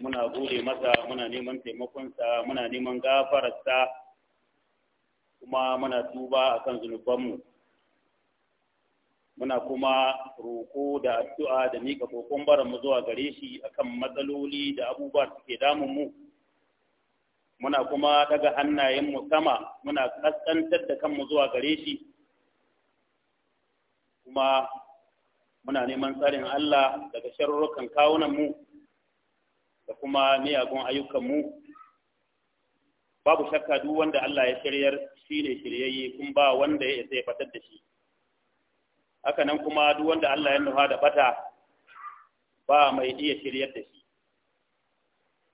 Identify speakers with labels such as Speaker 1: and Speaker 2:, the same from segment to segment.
Speaker 1: muna gode masa muna neman taimakonsa muna neman gafararsa kuma muna tuba kan zunubanmu muna kuma roƙo da addu'a da miƙa kokon baranmu zuwa gare shi akan matsaloli da abubuwa suke damun mu muna kuma daga hannayenmu sama muna kaskantar da kanmu zuwa gare shi kuma muna neman tsarin Allah daga sharurrukan kawunanmu da kuma miyagun ayyukanmu babu shakka duk wanda Allah ya shiryar shi ne shiryayye kun ba wanda ya isa ya fatar da shi haka nan kuma duk wanda Allah ya nufa da bata ba mai iya shiryar da shi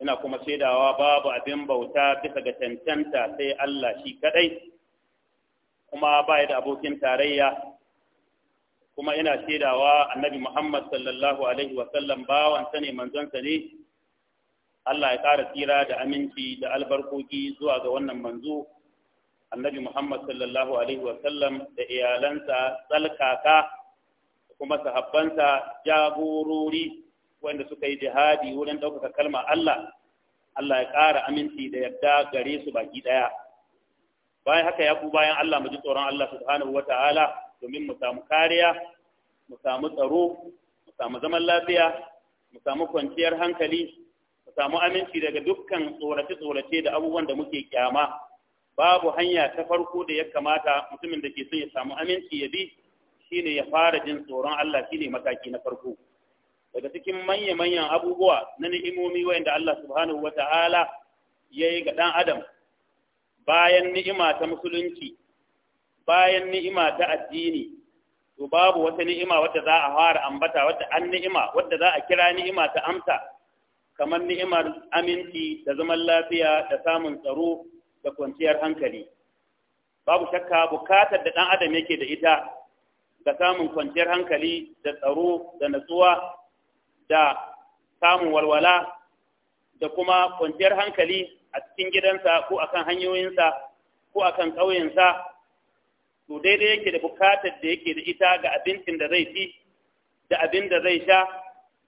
Speaker 1: ina kuma shaidawa babu abin bauta bisa ga cancanta sai Allah shi kadai kuma ba ya da abokin tarayya kuma ina shaidawa annabi Muhammad sallallahu alaihi wa sallam bawansa ne manzonsa ne Allah ya ƙara tsira da aminci da albarkoki zuwa ga wannan manzo annabi Muhammad sallallahu alaihi wa sallam da iyalansa tsalkaka kuma sahabbansa jagorori wanda suka yi jihadi wurin ɗaukaka kalma Allah Allah ya ƙara aminci da yadda gare su baki ɗaya bayan haka ya ku bayan Allah mu ji tsoron Allah subhanahu wa ta'ala domin mu samu kariya mu samu tsaro mu samu zaman lafiya mu samu kwanciyar hankali samu aminci daga dukkan tsorace-tsorace da abubuwan da muke kyama babu hanya ta farko da ya kamata mutumin da ke son ya samu aminci ya bi shine ya fara jin tsoron Allah shine mataki na farko daga cikin manya-manyan abubuwa na ni'imomi da Allah subhanahu wa Ta'ala ya yi ga ɗan adam bayan ni'ima ta musulunci bayan ni'ima ta addini to babu wata ni'ima wadda za a fara ambata wadda an ni'ima wadda za a kira ni'ima ta amsa kamar ni'imar aminci da zaman lafiya da samun tsaro da kwanciyar hankali babu shakka bukatar da ɗan adam yake da ita ga samun kwanciyar hankali da tsaro da natsuwa da samun walwala da kuma kwanciyar hankali a cikin gidansa ko akan hanyoyinsa ko akan ƙauyensa to daidai yake da bukatar da yake da ita ga abincin da zai ci da abin da zai sha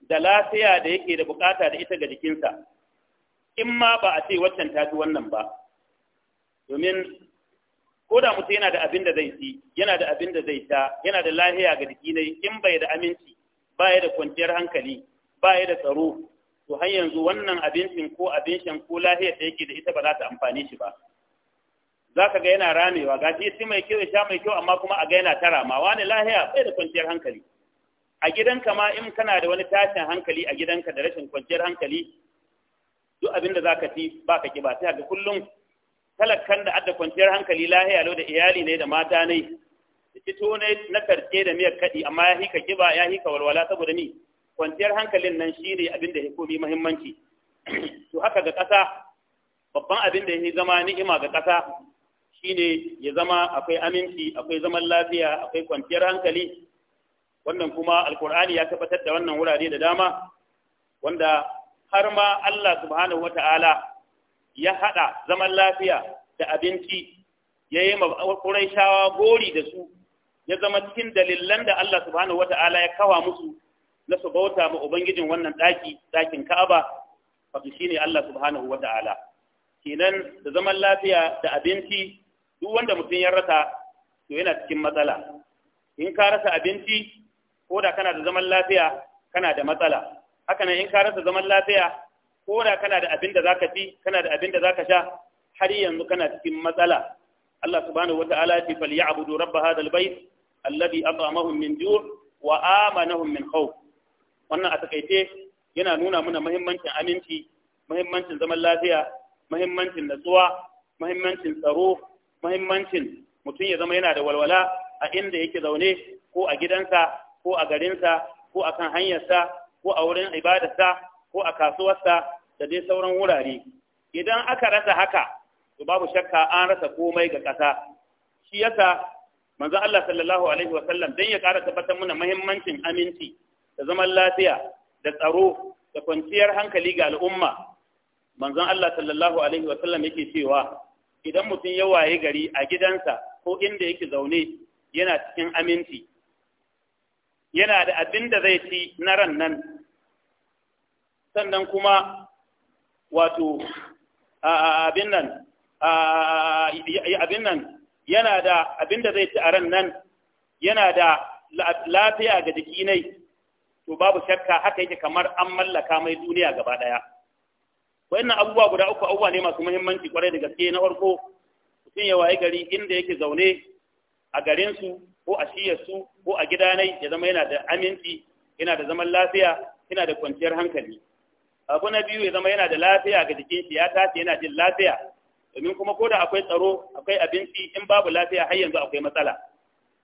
Speaker 1: da lafiya da yake da bukata da ita ga jikinsa in ma ba a ce waccan ta fi wannan ba domin ko da mutum yana da abin da zai ci yana da abin da zai ta, yana da lafiya ga jiki ne in bai da aminci ba ya da kwanciyar hankali ba ya da tsaro to har yanzu wannan abincin ko abincin ko lafiyar da yake da ita ba za ta amfani shi ba za ka ga yana ramewa ga shi mai kyau ya sha mai kyau amma kuma a ga yana ta ramawa wani lahiya bai da kwanciyar hankali a gidanka ma in kana da wani tashin hankali a gidanka da rashin kwanciyar hankali duk abin da ka ci ba ka ki ba sai ga kullum talakkan da adda kwanciyar hankali lahiya lo da iyali ne da mata ne Da fito ne na karke da miyar kaɗi amma ya hika kiba ya hika walwala saboda ni kwanciyar hankalin nan ne abin da ya muhimmanci to haka ga ƙasa babban abin da ya zama ni'ima ga ƙasa shine ya zama akwai aminci akwai zaman lafiya akwai kwanciyar hankali wannan kuma alkur'ani ya tabbatar da wannan wurare da dama wanda har ma Allah subhanahu wata'ala ya hada zaman lafiya da abinci ya yi shawa gori da su ya zama cikin dalilan da Allah subhanahu wata'ala ya kawa musu na su bauta ma ubangijin wannan daki dakin Ka'aba wato shine Allah subhanahu wata'ala kenan da zaman lafiya da abinci duk wanda mutum ya rasa to yana cikin matsala in ka rasa abinci ko da kana da zaman lafiya kana da matsala haka nan in ka rasa zaman lafiya ko da kana da abin da zaka ci kana da abin da zaka sha har yanzu kana cikin matsala Allah subhanahu wataala ya ce falyabudu rabb hadha albayt alladhi at'amahum min ju' wa amanahum min khawf wannan a takaice yana nuna mana muhimmancin aminci muhimmancin zaman lafiya muhimmancin natsuwa muhimmancin tsaro muhimmancin mutum ya zama yana da walwala a inda yake zaune ko a gidansa ko a garinsa ko a kan hanyarsa ko a wurin ibadarsa ko a kasuwarsa da dai sauran wurare idan aka rasa haka to babu shakka an rasa komai ga ƙasa shi yasa manzo Allah sallallahu alaihi wa sallam dan ya ƙara tabbatar mana muhimmancin aminci da zaman lafiya da tsaro da kwanciyar hankali ga al'umma manzon Allah sallallahu alaihi wa sallam yake cewa idan mutum ya waye gari a gidansa ko inda yake zaune yana cikin aminci yana da abin da zai ci na ran nan sannan kuma wato abin nan abin nan yana da abin da zai ci a ran nan yana da lafiya ga jiki nai to babu shakka haka yake kamar an mallaka mai duniya gaba daya wannan abubuwa guda uku abubuwa ne masu muhimmanci kwarai da gaske na farko mutum ya wayi gari inda yake zaune a garinsu ko a shiyarsu ko a gidanai ya zama yana da aminci yana da zaman lafiya yana da kwanciyar hankali abu na biyu ya zama yana da lafiya ga jikin shi ya tashi yana jin lafiya domin kuma ko da akwai tsaro akwai abinci in babu lafiya har yanzu akwai matsala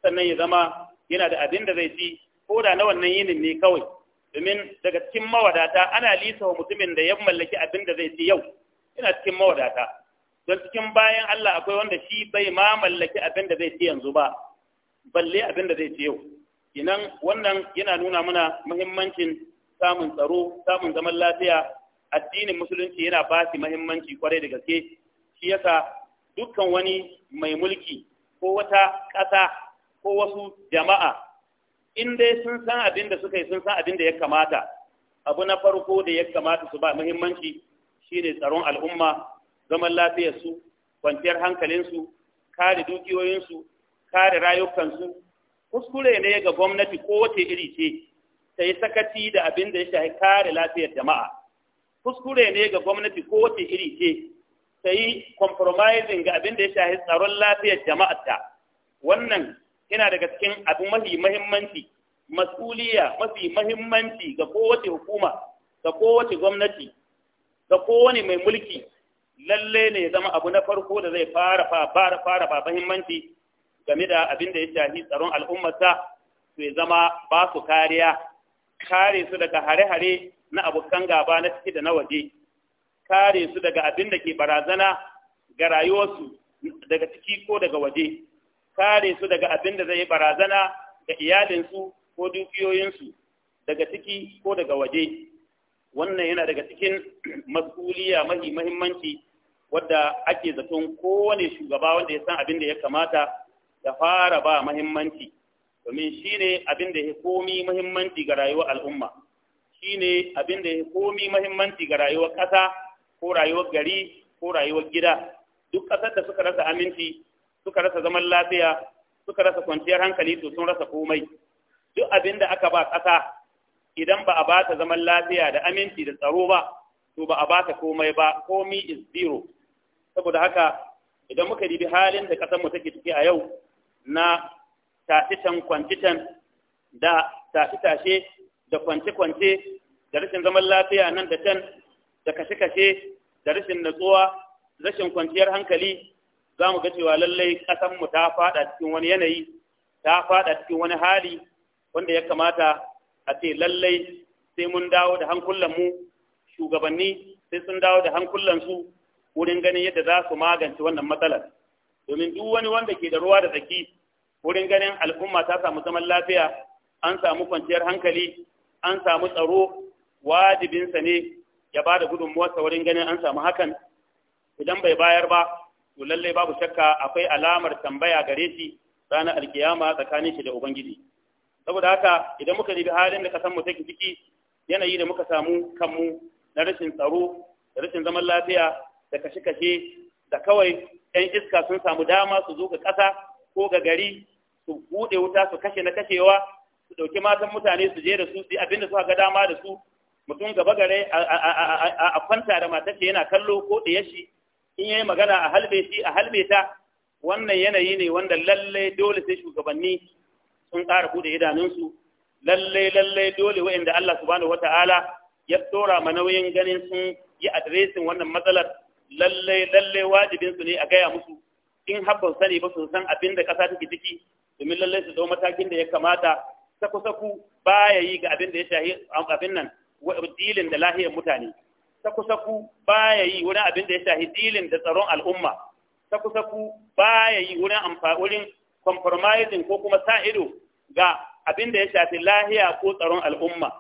Speaker 1: sannan ya zama yana da abin da zai ci ko da na wannan yinin ne kawai domin daga cikin mawadata ana lisa mutumin da ya mallaki abin da zai ci yau yana cikin mawadata don cikin bayan Allah akwai wanda shi bai ma mallaki abin da zai ci yanzu ba balle abin da zai ce yau inan wannan yana nuna mana muhimmancin samun tsaro samun zaman lafiya addinin musulunci yana ba shi muhimmanci kwarai da gaske shi yasa dukkan wani mai mulki ko wata ƙasa ko wasu jama'a in dai sun san abin da suka yi sun san abin da ya kamata abu na farko da ya kamata su ba muhimmanci shine tsaron al'umma zaman su, kwanciyar hankalinsu kare dukiyoyinsu kare rayukansu kuskure ne ga gwamnati ko wace iri ce ta yi sakaci da abin da ya shafi kare lafiyar jama'a kuskure ne ga gwamnati ko wace iri ce ta yi compromising ga abin da ya shafi tsaron lafiyar jama'a ta wannan yana daga cikin abu mafi mahimmanci mas'uliya mafi mahimmanci ga kowace hukuma ga kowace gwamnati ga kowane mai mulki lalle ne ya zama abu na farko da zai fara fara fara ba mahimmanci game da abin da ya shafi tsaron al'ummarsa su ya zama ba su kariya kare su daga hare-hare na abokan gaba na ciki da na waje kare su daga abin da ke barazana ga rayuwarsu daga ciki ko daga waje kare su daga abin da zai barazana ga iyalinsu ko dukiyoyinsu daga ciki ko daga waje wannan yana daga cikin mas'uliya mahi mahimmanci wadda ake zaton kowane shugaba wanda ya san abin da ya kamata ya fara ba mahimmanci domin shine abin da ya komi muhimmanci ga rayuwar al'umma shine abin da ya komi muhimmanci ga rayuwar ƙasa ko rayuwar gari ko rayuwar gida duk ƙasar da suka rasa aminci suka rasa zaman lafiya suka rasa kwanciyar hankali to sun rasa komai duk abin da aka ba ƙasa idan ba a ba ta zaman lafiya da aminci da tsaro ba to ba a ba ta komai ba komi is zero saboda haka idan muka dibi halin da ƙasar mu take ciki a yau na tasitan kwantitan da tashe da kwanci-kwanci, da rashin zaman lafiya nan da can da kashe-kashe da rashin natsuwa rashin kwanciyar hankali za mu ga cewa lallai ƙasanmu ta faɗa cikin wani yanayi ta faɗa cikin wani hali wanda ya kamata a ce lallai sai mun dawo da mu, shugabanni sai sun dawo da su, wurin ganin yadda za su magance wannan matsalar. domin duk wani wanda ke da ruwa da tsaki wurin ganin al'umma ta samu zaman lafiya an samu kwanciyar hankali an samu tsaro wajibinsa ne ya ba da gudunmuwarsa wurin ganin an samu hakan idan bai bayar ba to lallai babu shakka akwai alamar tambaya gare shi ranar alkiyama tsakanin shi da ubangiji saboda haka idan muka ribi halin da kasan mu take ciki yanayi da muka samu kanmu na rashin tsaro da rashin zaman lafiya da kashe-kashe da kawai 'yan iska sun samu dama su zo ga ƙasa ko ga gari su buɗe wuta su kashe na kashewa su ɗauki matan mutane su je da su su abin da suka ga dama da su mutum gaba gare a kwanta da matar yana kallo ko ɗaya shi in yayi magana a halbe shi a halbe ta wannan yanayi ne wanda lalle dole sai shugabanni sun ƙara buɗe idanunsu lalle lalle dole wa'inda Allah subhanahu wata'ala ya tsora ma nauyin ganin sun yi adiresin wannan matsalar lallai lallai wajibin su ne a gaya musu in habban sani ba su san abin da ƙasa take ciki domin lallai su dau matakin da ya kamata saku saku baya yi ga abin da ya shahi abin nan dilin da lahiyar mutane saku saku baya yi wurin abin da ya shahi dilin da tsaron al'umma saku saku baya yi wurin amfani compromising ko kuma sa ido ga abin da ya shafi lahiya ko tsaron al'umma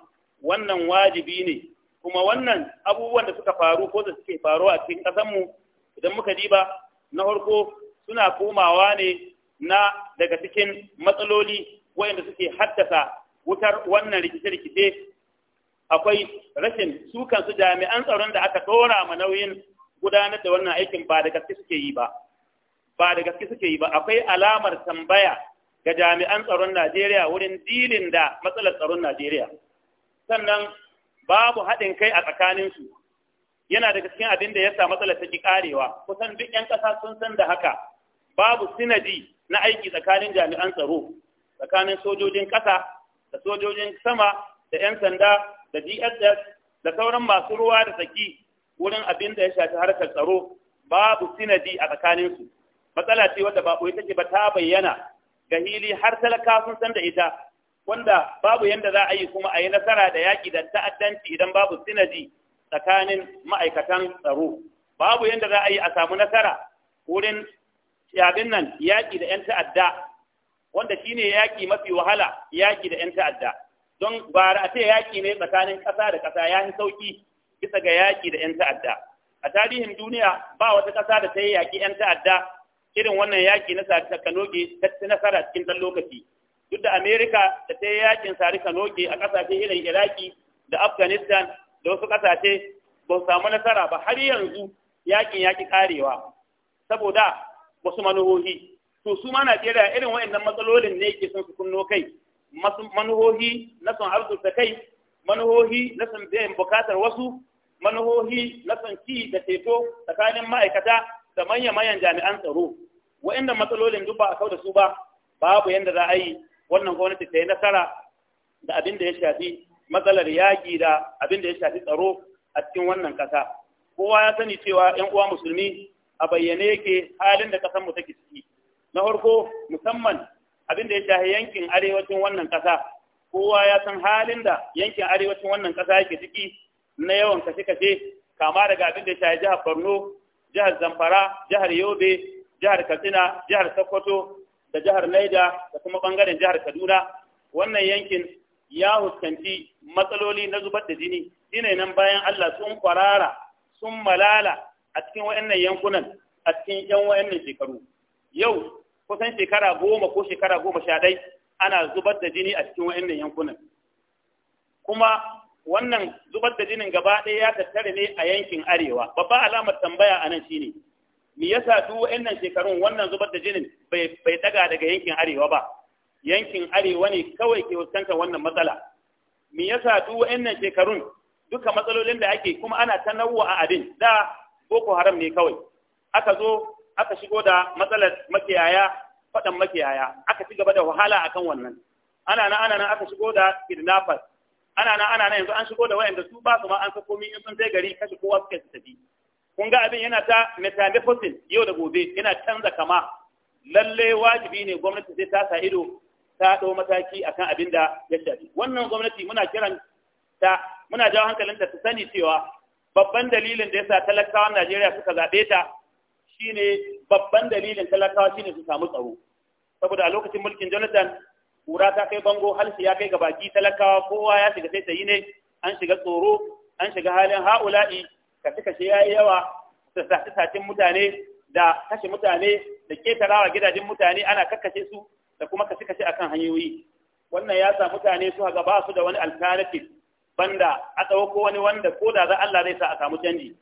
Speaker 1: wannan wajibi ne kuma wannan abubuwan da suka faru ko da suke faru a cikin mu idan muka diba na farko suna komawa ne na daga cikin matsaloli wayanda suke haddasa wutar wannan rikice-rikice akwai rashin su jami'an tsaron da aka ɗora ma nauyin gudanar da wannan aikin ba da gaske suke yi ba ba da gaske suke yi ba akwai alamar tambaya ga jami'an tsaron Najeriya wurin dilin da matsalar tsaron Najeriya sannan babu haɗin kai a tsakaninsu yana daga cikin abin da ya sa matsalar ta ki karewa kusan duk 'yan ƙasa sun san da haka babu sinadi na aiki tsakanin jami'an tsaro tsakanin sojojin ƙasa da sojojin sama da 'yan sanda da dss da sauran masu ruwa da tsaki wurin abin da ya shafi harkar tsaro babu sinadi a tsakaninsu matsala ce wadda ba ɓoye take ba ta bayyana ga hili har talaka sun san da ita wanda babu yanda za a yi kuma a yi nasara da yaƙi da ta'addanci idan babu sinaji tsakanin ma'aikatan tsaro babu yanda za a yi a samu nasara wurin yabin nan yaƙi da 'yan ta'adda wanda shi ne yaƙi mafi wahala yaƙi da 'yan ta'adda don ba a ce yaƙi ne tsakanin ƙasa da ƙasa ya yi sauƙi bisa ga yaƙi da 'yan ta'adda a tarihin duniya ba wata ƙasa da ta yi yaƙi 'yan ta'adda irin wannan yaƙi na sakanoge ta nasara cikin ɗan lokaci duk da amerika da ta yi yakin sarika noke a kasashe irin iraki da afghanistan da wasu kasashe ba su samu nasara ba har yanzu yakin yaki karewa saboda wasu manuhohi to su ma najeriya irin wa'annan matsalolin ne ke son su kunno kai manuhohi na son arzuta kai manuhohi na son biyan bukatar wasu manuhohi na son ci da ceto tsakanin ma'aikata da manya-manyan jami'an tsaro wa'annan matsalolin duk ba a kau da su ba babu yadda za a yi wannan gwamnati ta yi nasara da abin da ya shafi matsalar yaƙi da abin da ya shafi tsaro a cikin wannan ƙasa kowa ya sani cewa 'yan uwa musulmi a bayyane yake halin da ƙasarmu take ciki na farko musamman abin da ya shafi yankin arewacin wannan ƙasa kowa ya san halin da yankin arewacin wannan ƙasa yake ciki na yawan kashe-kashe kama daga abin da ya shafi jihar borno jihar zamfara jihar yobe jihar katsina jihar sokoto da jihar Naija da kuma bangaren jihar Kaduna wannan yankin ya huskanci matsaloli na zubar da jini shine nan bayan Allah sun kwarara sun malala a cikin wayannan yankunan a cikin yan wayannan shekaru yau kusan shekara goma ko shekara goma sha ɗai ana zubar da jini a cikin wayannan yankunan kuma wannan zubar da jinin gaba ɗaya ya tattare ne a yankin arewa babba alamar tambaya a nan shine me yasa duk wa'annan shekarun wannan zubar da jinin bai bai daga daga yankin arewa ba yankin arewa ne kawai ke fuskantar wannan matsala me yasa duk wa'annan shekarun duka matsalolin da ake kuma ana tanawwa a abin da boko haram ne kawai aka zo aka shigo da matsalar makiyaya faɗan makiyaya aka ci gaba da wahala akan wannan ana nan ana nan aka shigo da kidnappers ana nan ana nan yanzu an shigo da wayanda su ba su ma an sako min in sun sai gari kashi kowa suke su tafi kun ga abin yana ta metamorphosis yau da gobe yana canza kama lalle wajibi ne gwamnati sai ta sa ido ta ɗau mataki akan abin da ya shafi wannan gwamnati muna kiran ta muna jawo hankalinta ta sani cewa babban dalilin da yasa talakawan Najeriya suka zaɓe ta shine babban dalilin talakawa shine su samu tsaro saboda a lokacin mulkin Jonathan kura ta kai bango halsi ya kai ga baki talakawa kowa ya shiga sai ta yi ne an shiga tsoro an shiga halin ha'ula'i kashe-kashe ya yi yawa da sace-sacen mutane da kashe mutane da ketarawa gidajen mutane ana kakkashe su da kuma kashe-kashe akan hanyoyi wannan ya sa mutane su haga ba su da wani alternative banda a ko wani wanda ko da za Allah zai sa a samu canji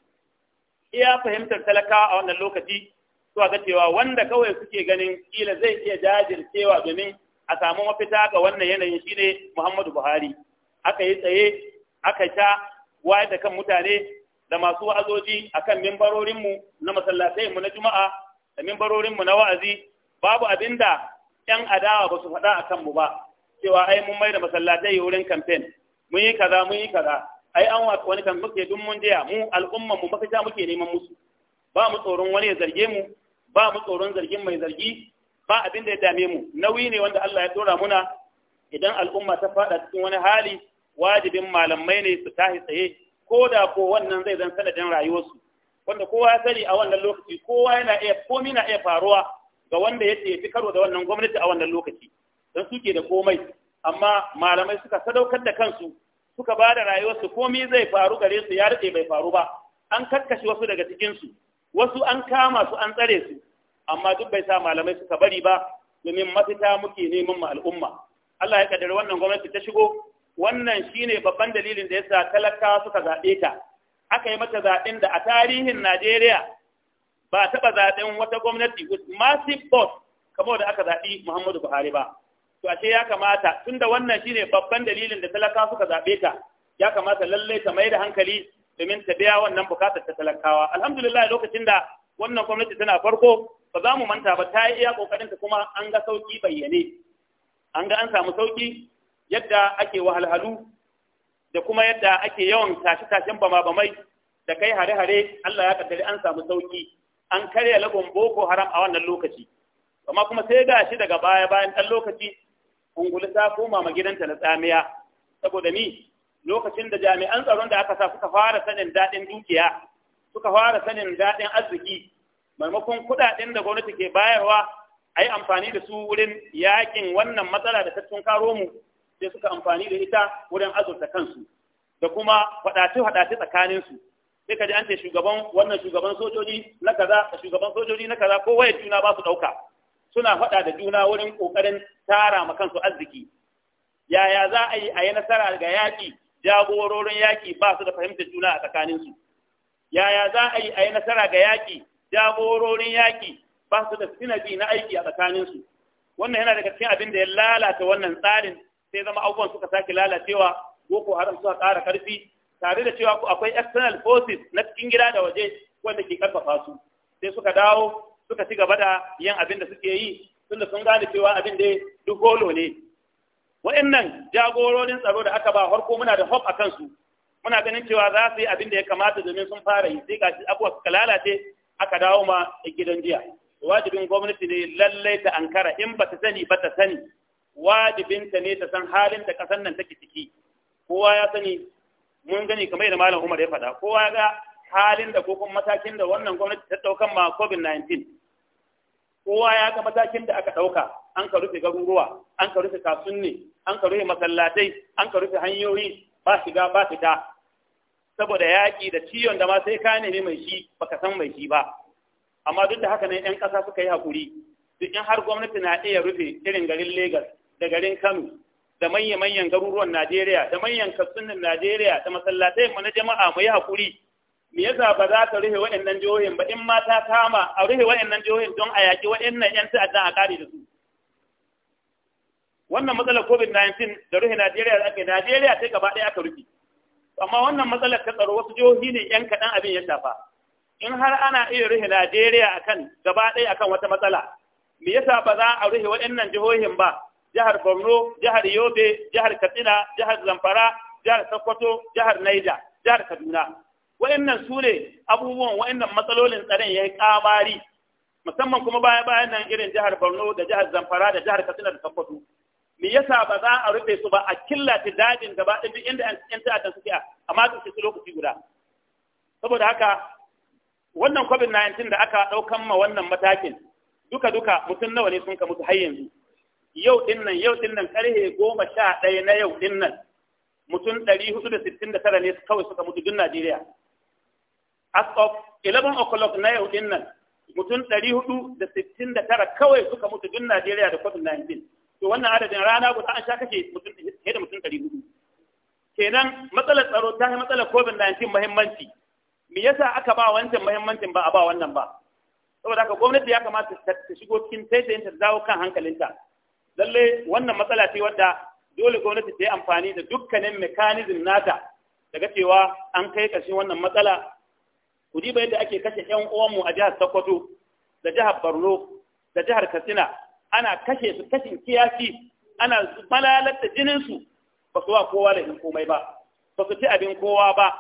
Speaker 1: iya fahimtar talakawa a wannan lokaci su ga cewa wanda kawai suke ganin kila zai iya jajircewa domin a samu mafita ga wannan yanayin shine Muhammadu Buhari aka yi tsaye aka sha wayar da kan mutane da masu wa'azoji akan mimbarorinmu na masallatai mu na juma'a da mimbarorinmu na wa'azi babu abin da yan adawa ba su faɗa a kanmu ba cewa ai mun mai da masallatai wurin kamfen mun yi kaza mun yi kaza ai an wani kan muke dun mun jiya mu al'umman mu mafita muke neman musu ba mu tsoron wani ya zarge mu ba mu tsoron zargin mai zargi ba abin da ya dame mu nauyi ne wanda Allah ya dora muna idan al'umma ta faɗa cikin wani hali wajibin malamai ne su tashi tsaye ko da ko wannan zai zan sanadin rayuwarsu wanda kowa ya sani a wannan lokaci kowa yana iya komai na iya faruwa ga wanda ya ce karo da wannan gwamnati a wannan lokaci don suke da komai amma malamai suka sadaukar da kansu suka ba da rayuwarsu komai zai faru gare su ya rike bai faru ba an kakkashe wasu daga cikinsu wasu an kama su an tsare su amma duk bai sa malamai suka bari ba domin mafita muke neman ma al'umma Allah ya kaddara wannan gwamnati ta shigo wannan shine babban dalilin da yasa talakawa suka zaɓe ta aka yi mata zaɓen da a tarihin Najeriya ba taɓa zaɓen wata gwamnati with massive vote kamar da aka zaɓi Muhammadu Buhari ba to ashe ya kamata tunda wannan shine babban dalilin da talakawa suka zaɓe ta ya kamata lallai ta mai da hankali domin ta biya wannan bukatar ta talakawa alhamdulillah lokacin da wannan gwamnati tana farko ba za mu manta ba ta yi iya kokarin ta kuma an ga sauki bayyane an ga an samu sauki yadda ake wahalhalu da kuma yadda ake yawan tashe-tashen bama-bamai da kai hare-hare Allah ya kaddare an samu sauki an karya lagon boko haram a wannan lokaci amma kuma sai ga shi daga baya bayan ɗan lokaci kungulu ta koma ma gidanta na tsamiya saboda ni lokacin da jami'an tsaron da aka sa suka fara sanin daɗin dukiya suka fara sanin daɗin arziki maimakon kuɗaɗen da gwamnati ke bayarwa a yi amfani da su wurin yakin wannan matsala da tattun karo mu sai suka amfani da ita wurin azurta kansu da kuma faɗace-faɗace tsakaninsu sai ka ji an ce shugaban wannan shugaban sojoji na kaza da shugaban sojoji na kaza ko juna ba su ɗauka suna faɗa da juna wurin ƙoƙarin tara ma kansu arziki yaya za a yi a yi nasara ga yaƙi jagororin yaƙi ba su da fahimtar juna a tsakaninsu yaya za a yi a yi nasara ga yaƙi jagororin yaƙi ba su da sinabi na aiki a tsakaninsu wannan yana daga cikin abin da ya lalata wannan tsarin sai zama abubuwan suka sake lalacewa boko haram suka ƙara ƙarfi tare da cewa akwai external forces na cikin gida da waje wanda ke karfafa su sai suka dawo suka ci gaba da yin abin da suke yi tunda sun gane cewa abin da duk holo ne wa'annan jagororin tsaro da aka ba farko muna da hope akan su muna ganin cewa za su yi abin da ya kamata domin sun fara yi sai gashi abuwa suka lalace aka dawo ma gidan jiya wajibin gwamnati ne lallai ta ankara in ba ta sani ba ta sani wajibinta ne ta san halin da ƙasar nan take ciki kowa ya sani mun gani kamar da malam umar ya faɗa kowa ya ga halin da ko kuma matakin da wannan gwamnati ta ɗaukan ma covid-19 kowa ya ga matakin da aka ɗauka an ka rufe garuruwa an ka rufe kasunni an ka rufe masallatai an ka rufe hanyoyi ba shiga ba fita saboda yaƙi da ciwon da ma sai ka nemi mai shi baka san mai shi ba amma duk da haka ne 'yan ƙasa suka yi haƙuri duk in har gwamnati na iya rufe irin garin Legas da garin Kano da manya-manyan garuruwan Najeriya da manyan kasunan Najeriya da masallatai mu na jama'a mu yi hakuri me yasa ba za ka rufe waɗannan jihohin ba in ma ta kama a rufe waɗannan jihohin don a yaƙi waɗannan ƴan ta'adda a kare da su wannan matsalar covid-19 da rufe najeriya da aka najeriya sai gaba ɗaya aka rufe amma wannan matsalar ta tsaro wasu jihohi ne ƴan kaɗan abin ya shafa in har ana iya rufe najeriya akan gaba ɗaya akan wata matsala me yasa ba za a rufe waɗannan jihohin ba jihar Borno, jihar Yobe, jihar Katsina, jihar Zamfara, jihar Sokoto, jihar naija jihar Kaduna. Wa'annan su ne abubuwan wa'annan matsalolin tsaron ya yi kamari, musamman kuma baya bayan nan irin jihar Borno da jihar Zamfara da jihar Katsina da Sokoto. Me yasa ba za a rufe su ba a killace dajin gaba ɗaya duk inda ƴan ta'adda suke a amma su lokaci guda. Saboda haka wannan COVID-19 da aka ɗaukan ma wannan matakin duka-duka mutum nawa ne sun kamu su har yanzu. yau dinnan yau dinnan karhe goma sha ɗaya na yau dinnan mutum ɗari hudu da sittin da tara ne kawai suka mutu duk Najeriya. As of 11 o'clock na yau dinnan mutum ɗari hudu da sittin da tara kawai suka mutu duk Najeriya da COVID-19. To wannan adadin rana guda an sha kashe mutum da mutum ɗari hudu. Kenan matsalar tsaro ta yi matsalar COVID-19 muhimmanci. Me yasa aka ba wancan muhimmancin ba a ba wannan ba? Saboda haka gwamnati ya kamata ta shigo cikin taitayinta ta dawo kan hankalinta. lalle wannan matsala ce wadda dole gwamnati ta yi amfani da dukkanin mekanizm nata daga cewa an kai ƙarshen wannan matsala ku ji yadda ake kashe yan uwanmu a jihar Sokoto da jihar Borno da jihar Katsina ana kashe su kashin kiyasi ana malalar da jinin su ba su wa kowa da komai ba ba su ci abin kowa ba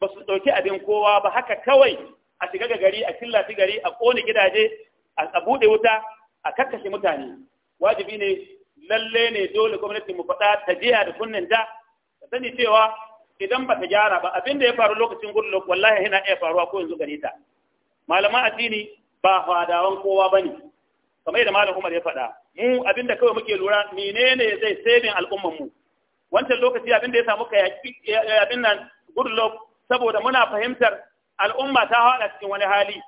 Speaker 1: ba su ɗauki abin kowa ba haka kawai a shiga ga gari a killaci gari a ƙone gidaje a buɗe wuta a kakkashe mutane wajibi ne lalle ne dole gwamnati mu faɗa ta jiya da kunnen ta ta sani cewa idan ba ta gyara ba abin da ya faru lokacin gudun wallahi yana iya faruwa ko yanzu gare ta malaman addini ba fadawan kowa ba ne kamar yadda malam Umar ya faɗa mu abin da kawai muke lura menene zai sabin al'umman mu wancan lokaci abin da ya samu kayaki abin nan gudun saboda muna fahimtar al'umma ta haɗa cikin wani hali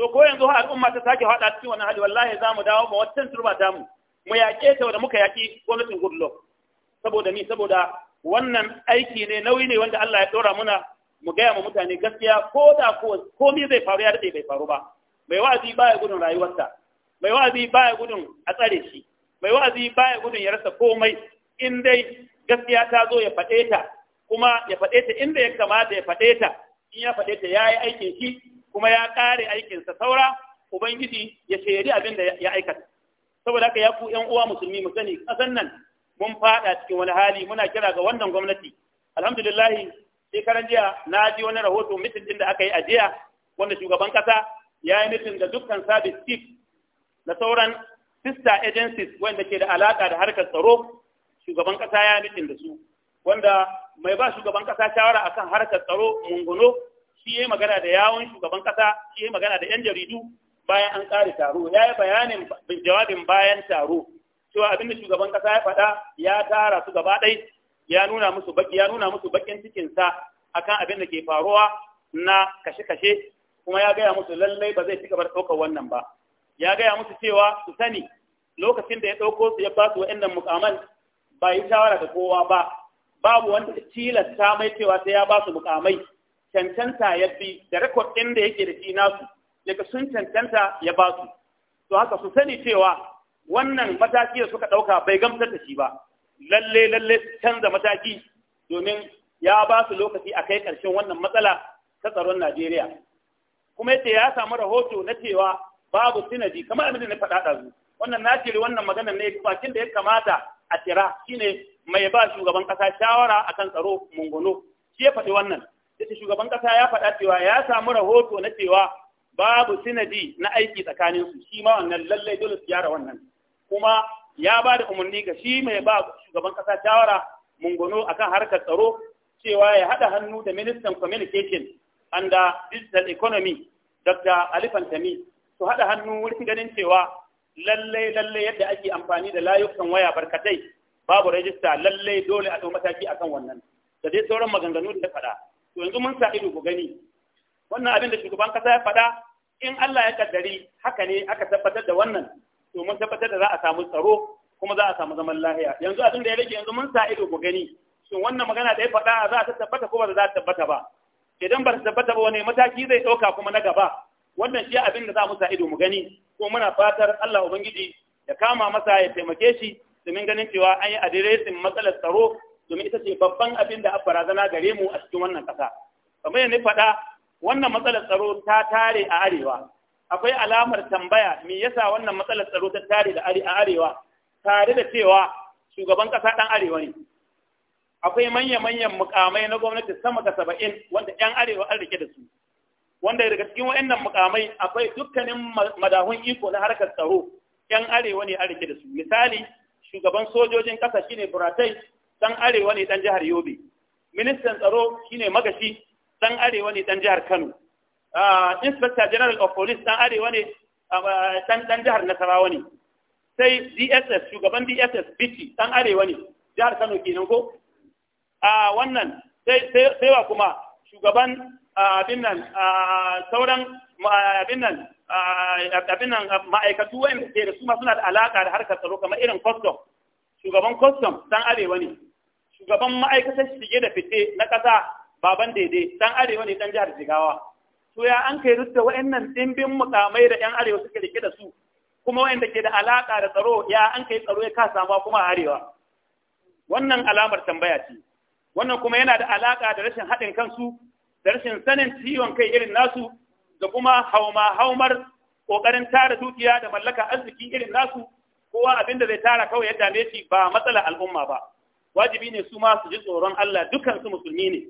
Speaker 1: to ko yanzu har umma ta sake hada cikin wannan hali wallahi za mu dawo ma wancan turba ta mu mu yaƙe ta da muka yaki gwamnatin Goodluck saboda ni saboda wannan aiki ne nauyi ne wanda Allah ya dora muna mu gaya ma mutane gaskiya ko da ko komai zai faru ya dade bai faru ba mai wa'azi baya gudun rayuwarsa mai wa'azi baya gudun a tsare shi mai wa'azi baya gudun ya rasa komai in dai gaskiya ta zo ya faɗe ta kuma ya faɗe ta inda ya kamata ya faɗe ta in ya faɗe ta yayi aikin shi kuma ya kare aikinsa saura ubangiji ya shaidi abin da ya aikata saboda haka ya ku yan uwa musulmi mu sani kasan nan mun fada cikin wani hali muna kira ga wannan gwamnati alhamdulillah shekaran jiya na ji wani rahoto mitin din da aka yi a jiya wanda shugaban kasa ya yi mitin da dukkan service chief na sauran sister agencies wanda ke da alaka da harkar tsaro shugaban kasa ya yi mitin da su wanda mai ba shugaban kasa shawara akan harkar tsaro munguno shi yayi magana da yawon shugaban kasa shi yayi magana da yan jaridu bayan an kare taro ya yi bayanin jawabin bayan taro cewa abin da shugaban kasa ya faɗa ya tara su gaba ɗai ya nuna musu baki ya nuna musu bakin cikin sa akan abin da ke faruwa na kashe-kashe kuma ya gaya musu lallai ba zai ci gaba da ɗaukar wannan ba ya gaya musu cewa su sani lokacin da ya ɗauko su ya ba su wa'annan mukaman ba yi shawara da kowa ba babu wanda tilasta mai cewa sai ya ba su mukamai cancanta ya bi da rekod ɗin da yake da shi nasu daga sun cancanta ya ba su to haka su sani cewa wannan mataki da suka ɗauka bai gamsar da shi ba lalle lalle canza mataki domin ya ba su lokaci a kai ƙarshen wannan matsala ta tsaron Najeriya kuma yace ya samu rahoto na cewa babu sinadi kamar abin da na faɗa ɗazu wannan na cire wannan maganar ne bakin da ya kamata a tira shine mai ba shugaban ƙasa shawara akan tsaro mungono shi ya faɗi wannan yace shugaban kasa ya faɗa cewa ya samu rahoto na cewa babu sinadi na aiki tsakanin su shi ma wannan lallai dole su gyara wannan kuma ya ba da umarni ga shi mai ba shugaban kasa shawara mungono akan harkar tsaro cewa ya haɗa hannu da ministan communication and digital economy dr Fantami, su haɗa hannu wurin ganin cewa lallai lallai yadda ake amfani da layukan waya barkatai babu rajista lallai dole a ɗau mataki akan wannan da dai sauran maganganu da faɗa to yanzu mun sa ido ku gani wannan abin da shugaban kasa ya faɗa in Allah ya kaddari haka ne aka tabbatar da wannan to mun tabbatar da za a samu tsaro kuma za a samu zaman lahiya yanzu abin da ya rage yanzu mun sa ido ku gani shin wannan magana da ya faɗa za ta tabbata ko ba za ta tabbata ba idan ba ta tabbata ba wani mataki zai ɗauka kuma na gaba wannan shi abin da za mu sa ido mu gani ko muna fatar Allah ubangiji ya kama masa ya taimake shi domin ganin cewa an yi adiresin matsalar tsaro domin ita ce babban abin da zana gare mu a cikin wannan ƙasa kamar yadda faɗa wannan matsalar tsaro ta tare a arewa akwai alamar tambaya me yasa wannan matsalar tsaro ta tare da a arewa tare da cewa shugaban ƙasa ɗan arewa ne akwai manya-manyan mukamai na gwamnati sama da saba'in wanda 'yan arewa an rike da su wanda daga cikin wa'annan mukamai akwai dukkanin madahun iko na harkar tsaro 'yan arewa ne an rike da su misali shugaban sojojin ƙasa shine buratai dan arewa ne dan jihar Yobe ministan tsaro shine magashi dan arewa ne dan jihar Kano ah, inspector general of police dan arewa ne ah, dan jihar Nasarawa ne sai DSS shugaban DSS Bichi dan arewa ne jihar Kano kenan ko a ah, wannan sai sai wa kuma shugaban abin nan sauran abin nan abin nan ma'aikatu wanda ke da su ma suna da alaka da harkar tsaro kamar irin custom shugaban custom dan arewa ne shugaban ma'aikatar shige da fice na ƙasa baban daidai dan arewa ne dan jihar jigawa to ya an kai duk da wa'annan dimbin mukamai da yan arewa suke rike da su kuma wa'anda ke da alaka da tsaro ya an kai tsaro ya kasa ma kuma arewa wannan alamar tambaya ce wannan kuma yana da alaka da rashin haɗin kansu da rashin sanin ciwon kai irin nasu da kuma hauma haumar kokarin tara dukiya da mallaka arziki irin nasu kowa abin da zai tara kawai yadda ne shi ba matsala al'umma ba wajibi ne su ma su ji tsoron Allah dukan su musulmi ne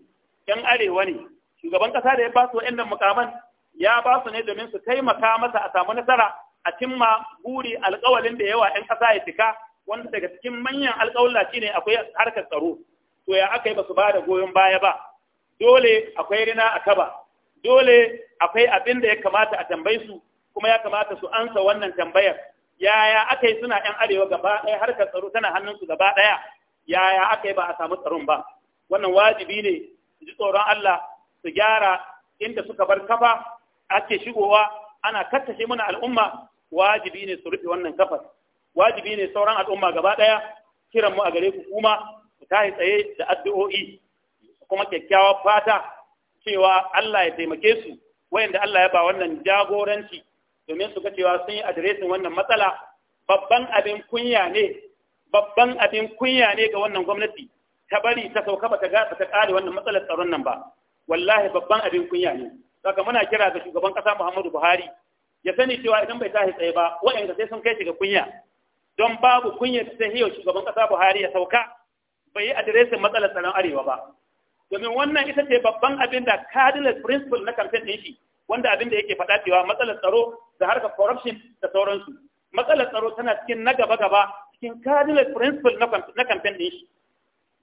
Speaker 1: yan arewa ne shugaban ƙasa da ya ba su wa'annan mukaman ya ba su ne domin su taimaka masa a samu nasara a cimma buri alƙawalin da yawa yan ƙasa ya cika wanda daga cikin manyan alƙawalla ne akwai harkar tsaro to ya aka yi ba su ba da goyon baya ba dole akwai rina a kaba dole akwai abin da ya kamata a tambaye su kuma ya kamata su ansa wannan tambayar yaya aka suna yan arewa gaba ɗaya harkar tsaro tana hannunsu gaba ɗaya yaya aka yi ba a samu tsaron ba wannan wajibi ne ji tsoron Allah su gyara inda suka bar kafa ake shigowa ana kattashe mana al'umma wajibi ne su rufe wannan kafar wajibi ne sauran al'umma gaba daya kiran mu a gare ku kuma ku tashi tsaye da addu'o'i kuma kyakkyawar fata cewa Allah ya taimake su wayanda Allah ya ba wannan jagoranci domin su ga cewa sun yi adiresin wannan matsala babban abin kunya ne babban abin kunya ne ga wannan gwamnati ta bari ta sauka ba ta ga ta kare wannan matsalar tsaron nan ba wallahi babban abin kunya ne saka muna kira ga shugaban kasa Muhammadu Buhari ya sani cewa idan bai tashi tsaye ba wa'anda sai sun kai shi ga kunya don babu kunya ta hiyo shugaban kasa Buhari ya sauka bai yi adiresin matsalar tsaron arewa ba domin wannan ita ce babban abin da cardinal principle na kamfen din shi wanda abin da yake faɗa cewa matsalar tsaro da harkar corruption da sauransu matsalar tsaro tana cikin na gaba gaba cikin cardinal principle na kamfen din shi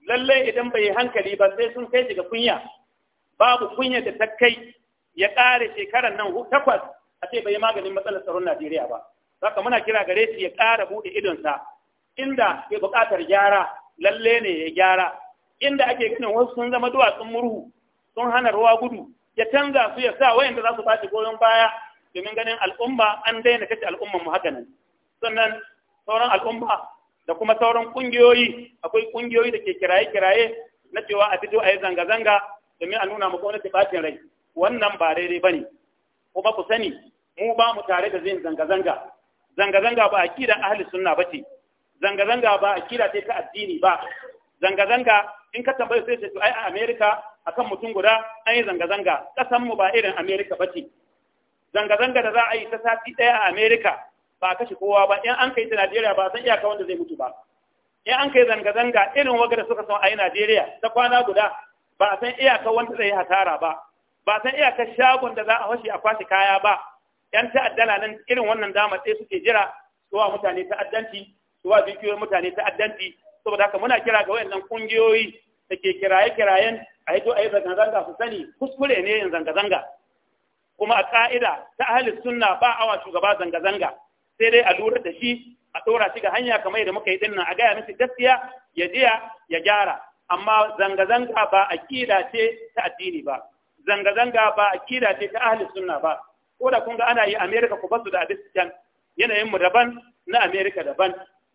Speaker 1: lallai idan bai hankali ba sai sun kai shiga kunya babu kunya da ta kai ya ƙare shekarar nan takwas a ce bai maganin matsalar tsaron Najeriya ba saka muna kira gare shi ya ƙara buɗe sa inda ke buƙatar gyara lalle ne ya gyara inda ake ganin wasu sun zama duwatsun murhu sun hana ruwa gudu ya canza su ya sa wayanda za su baci goyon baya domin ganin al'umma an daina kace al'umman mu haka nan sannan sauran al'umma da kuma sauran kungiyoyi akwai ƙungiyoyi da ke kiraye-kiraye na cewa a fito a yi zanga-zanga domin a nuna mu gwamnati bacin rai wannan ba daidai ba ne kuma ku sani mu ba mu tare da zin zanga-zanga zanga-zanga ba akida ahli sunna ba ce zanga-zanga ba akida sai ka addini ba zanga-zanga in ka tambaye sai ce to ai a America akan mutum guda an yi zanga-zanga kasan mu ba irin America ba zanga-zanga da za a yi ta sati ɗaya a America ba kashe kowa ba in an kai ta Najeriya ba san iyaka wanda zai mutu ba in an kai zanga-zanga irin wagar suka san a Najeriya ta kwana guda ba san iyaka wanda zai yi hasara ba ba san iyaka shagon da za a washe a kwashe kaya ba yan ta'addala nan irin wannan dama sai suke jira suwa mutane ta'addanci suwa dukiyoyin mutane ta'addanci saboda haka muna kira ga wayannan kungiyoyi da ke kiraye-kirayen a yi a yi zanga-zanga su sani kuskure ne yin zanga-zanga kuma a ka'ida ta ahli sunna ba awa shugaba zanga-zanga sai dai a lura da shi a tsora shi ga hanya kamar yadda muka yi dinnan a gaya masa gaskiya ya jiya ya gyara amma zanga-zanga ba a ce ta addini ba zanga-zanga ba aƙida ce ta ahli sunna ba ko da kun ga ana yi america ku basu da abin can yanayin mu daban na america daban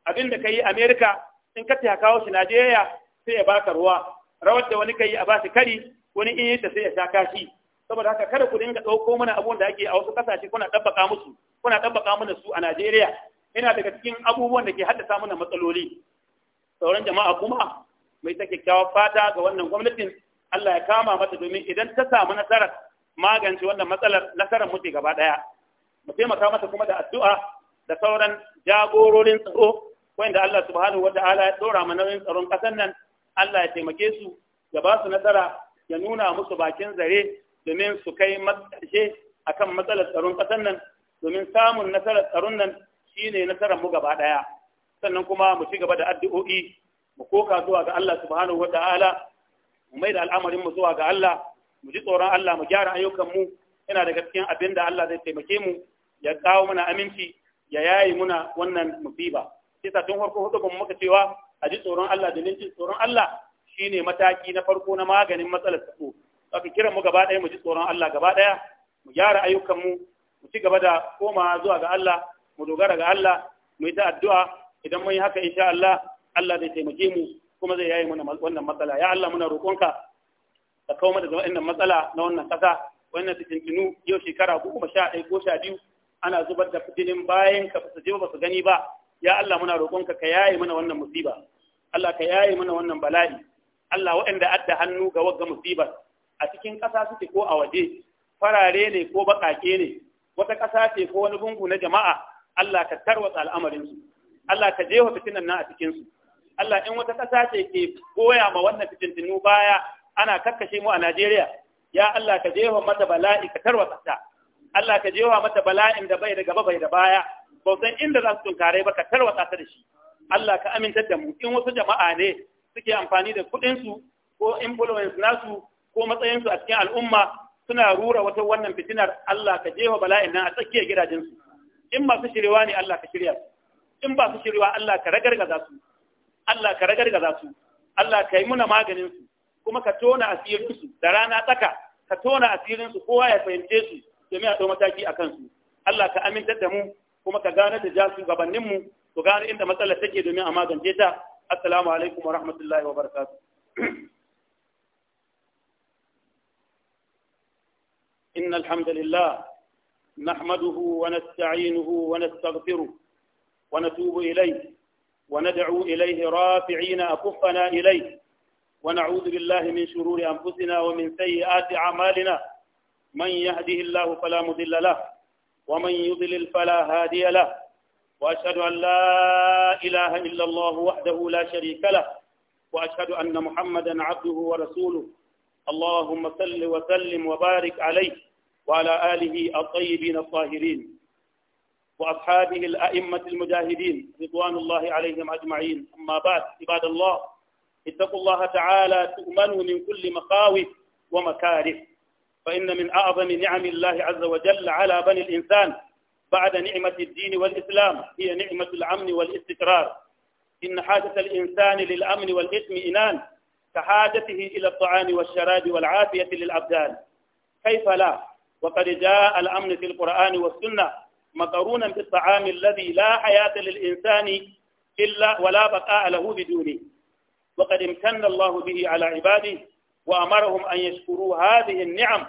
Speaker 1: abin da kai Amerika in ka ta kawo shi Najeriya sai ya baka ruwa rawar da wani kai a shi kari wani in yi ta sai ya sha kashi saboda haka kada ku dinga ɗauko mana abun da ake a wasu ƙasashe kuna ɗabbaka musu kuna tabbaka mana su a Najeriya yana daga cikin abubuwan da ke haddasa mana matsaloli sauran jama'a kuma mai ta kyakkyawar fata ga wannan gwamnatin Allah ya kama mata domin idan ta samu nasara, magance wannan matsalar nasarar mu ce gaba daya mu taimaka mata kuma da addu'a da sauran jagororin tsaro wanda Allah subhanahu wataala ya dora mana nauyin tsaron kasan nan Allah ya taimake su ya ba su nasara ya nuna musu bakin zare domin su kai matsarshe akan matsalar tsaron kasan nan domin samun nasarar tsaron nan shi ne nasarar mu gaba ɗaya. sannan kuma mu ci gaba da addu'o'i mu koka zuwa ga Allah subhanahu wa ta'ala mu mai da al'amarin mu zuwa ga Allah mu ji tsoron Allah mu gyara ayyukan mu yana daga cikin abin da Allah zai taimake mu ya kawo mana aminci ya yayi muna wannan musiba sai tun farko hudu kuma muka cewa a ji tsoron Allah da jin tsoron Allah shine mataki na farko na maganin matsalar tsaro saka kiran mu gaba ɗaya mu ji tsoron Allah gaba ɗaya mu gyara ayyukan mu mu ci gaba da koma zuwa ga Allah mu dogara ga Allah mu yi ta addu'a idan mun yi haka insha Allah Allah zai taimake mu kuma zai yayi mana wannan matsala ya Allah muna roƙonka ka kawo mana da wannan matsala na wannan ƙasa wannan fitintinu yau shekara goma sha ɗaya ko sha biyu ana zubar da fitilin bayan ka su je ba su gani ba ya Allah muna roƙonka ka yayi mana wannan musiba Allah ka yayi mana wannan bala'i Allah waɗanda adda hannu ga wagga musibar a cikin ƙasa suke ko a waje farare ne ko baƙaƙe ne wata ƙasa ce ko wani gungu na jama'a Allah ka tarwatsa al'amarinsu Allah ka jefa fitinan nan a cikinsu Allah in wata ƙasa ce ke koya ma wannan fitintinu baya ana kakkashe mu a Najeriya ya Allah ka jefa mata bala'i ka tarwatsa ta Allah ka jefa mata bala'in da bai da gaba bai da baya bautan inda za su tunkare ba ka tarwatsa ta da shi Allah ka aminta da mu in wasu jama'a ne suke amfani da kuɗinsu ko influence nasu ko matsayinsu a cikin al'umma suna rura wata wannan fitinar Allah ka jefa bala'in nan a tsakiyar gidajensu in masu shirewa ne Allah ka shirya in ba su shirewa Allah ka ragargaza su Allah ka ragargaza su Allah ka yi muna maganin su kuma ka tona asirin su da rana tsaka ka tona asirin su kowa ya fahimce su domin a ɗau mataki a kansu Allah ka amintar da mu kuma ka gane da ja gabanin mu ku gane inda matsalar take domin a magance ta assalamu alaikum wa rahmatullahi wa barakatuh إن الحمد لله نحمده ونستعينه ونستغفره ونتوب إليه وندعو إليه رافعين أكفنا إليه ونعوذ بالله من شرور أنفسنا ومن سيئات أعمالنا من يهده الله فلا مضل له ومن يضلل فلا هادي له وأشهد أن لا إله إلا الله وحده لا شريك له وأشهد أن محمدا عبده ورسوله اللهم صل وسلم وبارك عليه وعلى آله الطيبين الطاهرين وأصحابه الأئمة المجاهدين رضوان الله عليهم أجمعين أما بعد عباد الله اتقوا الله تعالى تؤمنوا من كل مخاوف ومكاره فإن من أعظم نعم الله عز وجل على بني الإنسان بعد نعمة الدين والإسلام هي نعمة الأمن والاستقرار إن حاجة الإنسان للأمن والإطمئنان كحاجته إلى الطعام والشراب والعافية للأبدان كيف لا وقد جاء الأمن في القرآن والسنة مقرونا بالطعام الذي لا حياة للإنسان إلا ولا بقاء له بدونه وقد امتن الله به على عباده وأمرهم أن يشكروا هذه النعم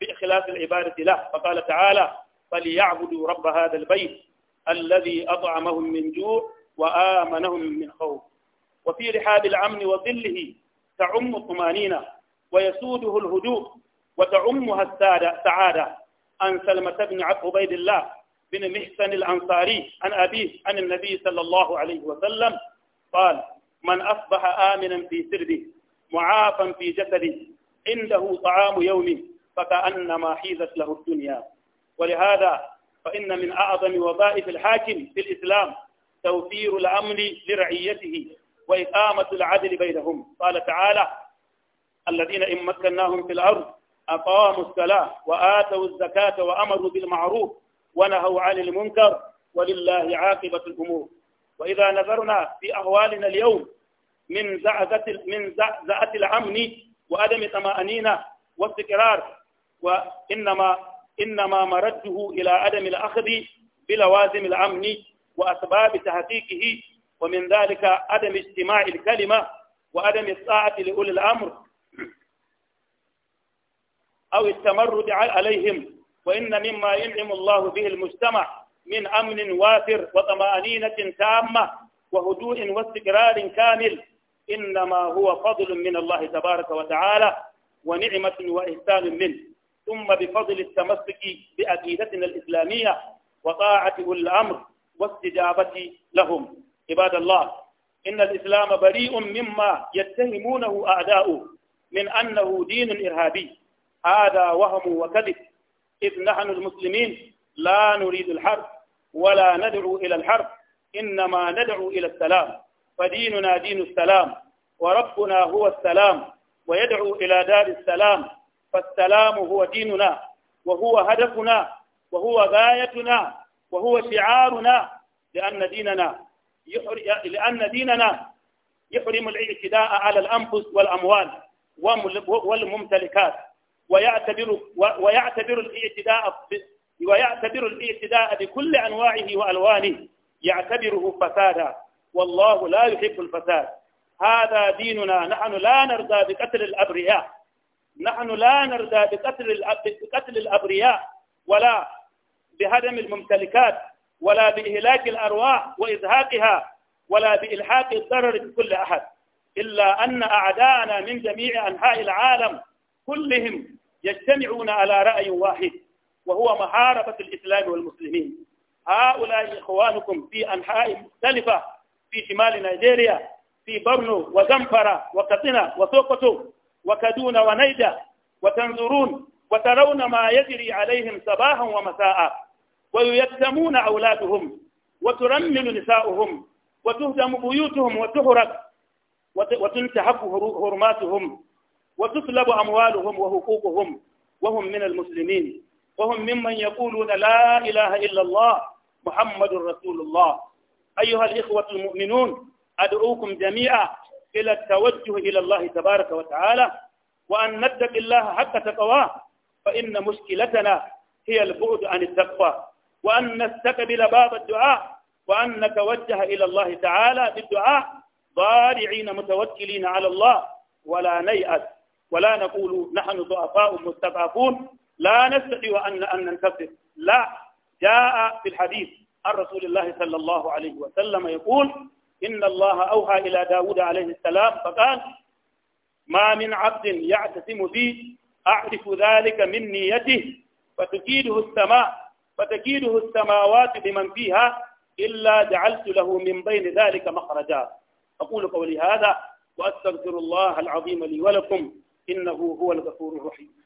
Speaker 1: بإخلاص العبادة له فقال تعالى فليعبدوا رب هذا البيت الذي أطعمهم من جوع وآمنهم من خوف وفي رحاب الأمن وظله تعم الطمانينة ويسوده الهدوء وتعمها السعادة سعادة عن سلمة بن عبيد الله بن محسن الأنصاري عن أبيه عن النبي صلى الله عليه وسلم قال من أصبح آمنا في سربه معافا في جسده عنده طعام يومه فكأنما حيزت له الدنيا ولهذا فإن من أعظم وظائف الحاكم في الإسلام توفير الأمن لرعيته وإقامة العدل بينهم قال تعالى الذين إن مكناهم في الأرض أقاموا الصلاة وآتوا الزكاة وأمروا بالمعروف ونهوا عن المنكر ولله عاقبة الأمور وإذا نظرنا في أهوالنا اليوم من زعزعة من زعزعة الأمن وعدم طمأنينة واستقرار وإنما إنما مرده إلى عدم الأخذ بلوازم الأمن وأسباب تحقيقه ومن ذلك عدم اجتماع الكلمة وعدم الطاعة لأولي الأمر أو التمرد عليهم وإن مما ينعم الله به المجتمع من أمن وافر وطمأنينة تامة وهدوء واستقرار كامل إنما هو فضل من الله تبارك وتعالى ونعمة وإحسان منه ثم بفضل التمسك بأكيدتنا الإسلامية وطاعة الأمر واستجابة لهم عباد الله إن الإسلام بريء مما يتهمونه أعداؤه من أنه دين إرهابي هذا وهم وكذب إذ نحن المسلمين لا نريد الحرب ولا ندعو إلى الحرب إنما ندعو إلى السلام فديننا دين السلام وربنا هو السلام ويدعو إلى دار السلام فالسلام هو ديننا وهو هدفنا وهو غايتنا وهو شعارنا لأن ديننا لأن ديننا يحرم الاعتداء على الأنفس والأموال والممتلكات ويعتبر ويعتبر الاعتداء ويعتبر الاعتداء بكل أنواعه وألوانه يعتبره فسادا والله لا يحب الفساد هذا ديننا نحن لا نرضى بقتل الأبرياء نحن لا نرضى بقتل بقتل الأبرياء ولا بهدم الممتلكات ولا بإهلاك الأرواح وإزهاقها ولا بإلحاق الضرر بكل أحد إلا أن أعداءنا من جميع أنحاء العالم كلهم يجتمعون على رأي واحد وهو محاربة الإسلام والمسلمين هؤلاء إخوانكم في أنحاء مختلفة في شمال نيجيريا في برنو وزنفرة وكتنة وسوقتو وكدون ونيدا وتنظرون وترون ما يجري عليهم صباحا ومساء ويكتمون أولادهم وترمل نساؤهم وتهدم بيوتهم وتهرب وتنتهك هرماتهم وتسلب أموالهم وحقوقهم وهم من المسلمين وهم ممن يقولون لا إله إلا الله محمد رسول الله أيها الإخوة المؤمنون أدعوكم جميعا إلى التوجه إلى الله تبارك وتعالى وأن نتقي الله حتى تقواه فإن مشكلتنا هي البعد عن التقوى وأن نستقبل باب الدعاء وأن نتوجه إلى الله تعالى بالدعاء ضارعين متوكلين على الله ولا نيأس ولا نقول نحن ضعفاء مستضعفون لا نستطيع أن أن ننتصر لا جاء في الحديث عن رسول الله صلى الله عليه وسلم يقول إن الله أوحى إلى داود عليه السلام فقال ما من عبد يعتصم بي أعرف ذلك من نيته فتكيده السماء فتكيده السماوات بمن فيها إلا جعلت له من بين ذلك مخرجا أقول قولي هذا وأستغفر الله العظيم لي ولكم إنه هو الغفور الرحيم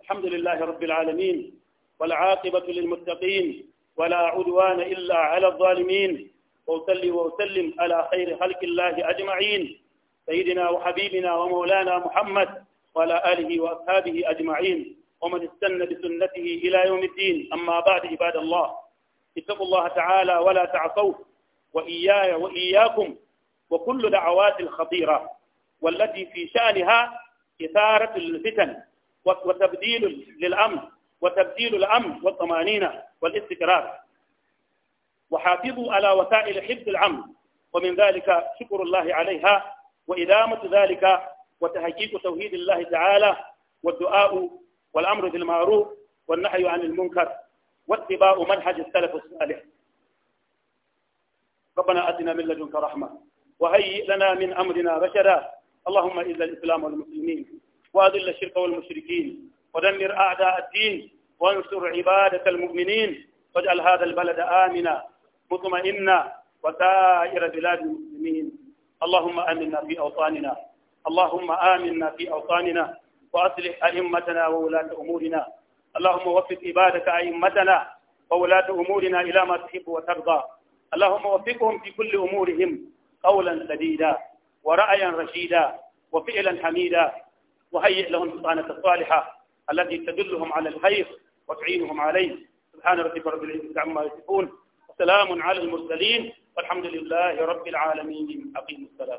Speaker 1: الحمد لله رب العالمين والعاقبة للمتقين ولا عدوان إلا على الظالمين وأسلم وأسلم على خير خلق الله أجمعين سيدنا وحبيبنا ومولانا محمد وعلى آله وأصحابه أجمعين ومن استنى بسنته إلى يوم الدين أما بعد عباد الله اتقوا الله تعالى ولا تعصوه وإياي وإياكم وكل دعوات الخطيرة والتي في شأنها إثارة الفتن وتبديل للأمن وتبديل الأمن والطمأنينة والاستقرار وحافظوا على وسائل حفظ الأمن ومن ذلك شكر الله عليها وإدامة ذلك وتحقيق توحيد الله تعالى والدعاء والأمر بالمعروف والنهي عن المنكر واتباع منهج السلف الصالح ربنا أتنا من لدنك رحمة وهيئ لنا من أمرنا رشدا اللهم إذا الإسلام والمسلمين وأذل الشرك والمشركين ودمر أعداء الدين وانصر عبادك المؤمنين واجعل هذا البلد آمنا مطمئنا وسائر بلاد المسلمين اللهم آمنا في أوطاننا اللهم آمنا في أوطاننا وأصلح أئمتنا وولاة أمورنا اللهم وفق عبادك أئمتنا وولاة أمورنا إلى ما تحب وترضى اللهم وفقهم في كل أمورهم قولا سديدا ورأيا رشيدا وفعلا حميدا وهيئ لهم سلطانة الصالحة التي تدلهم على الخير وتعينهم عليه سبحان ربك رب العزة عما يصفون وسلام على المرسلين والحمد لله رب العالمين أقيم السلام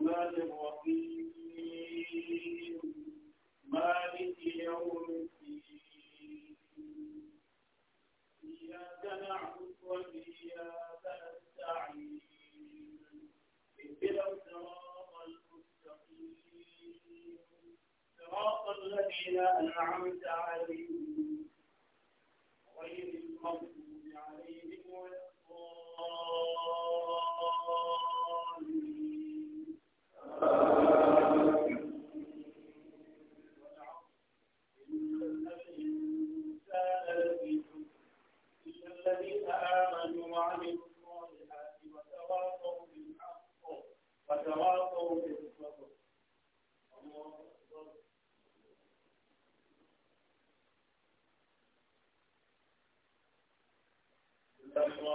Speaker 2: الرحمن الرحيم مالك يوم صراط الذين أنعمت عليهم غير الله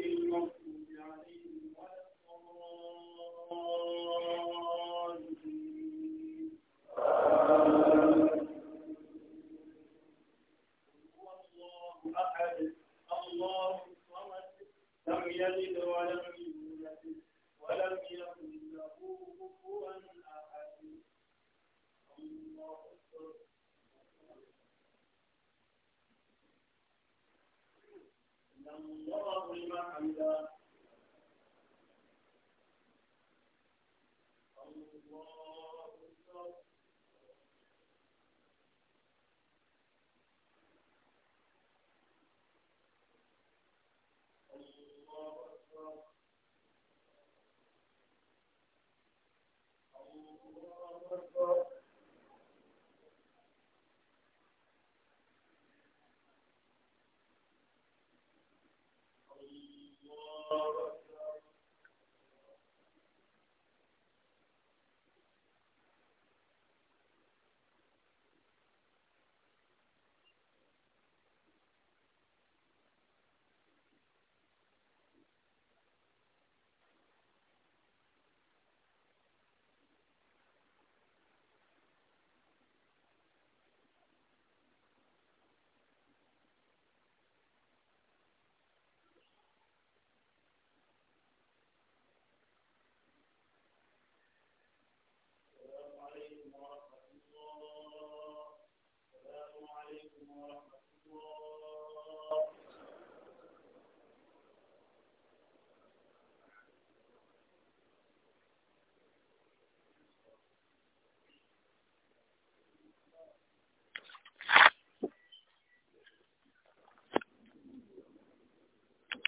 Speaker 2: الله لمن حمده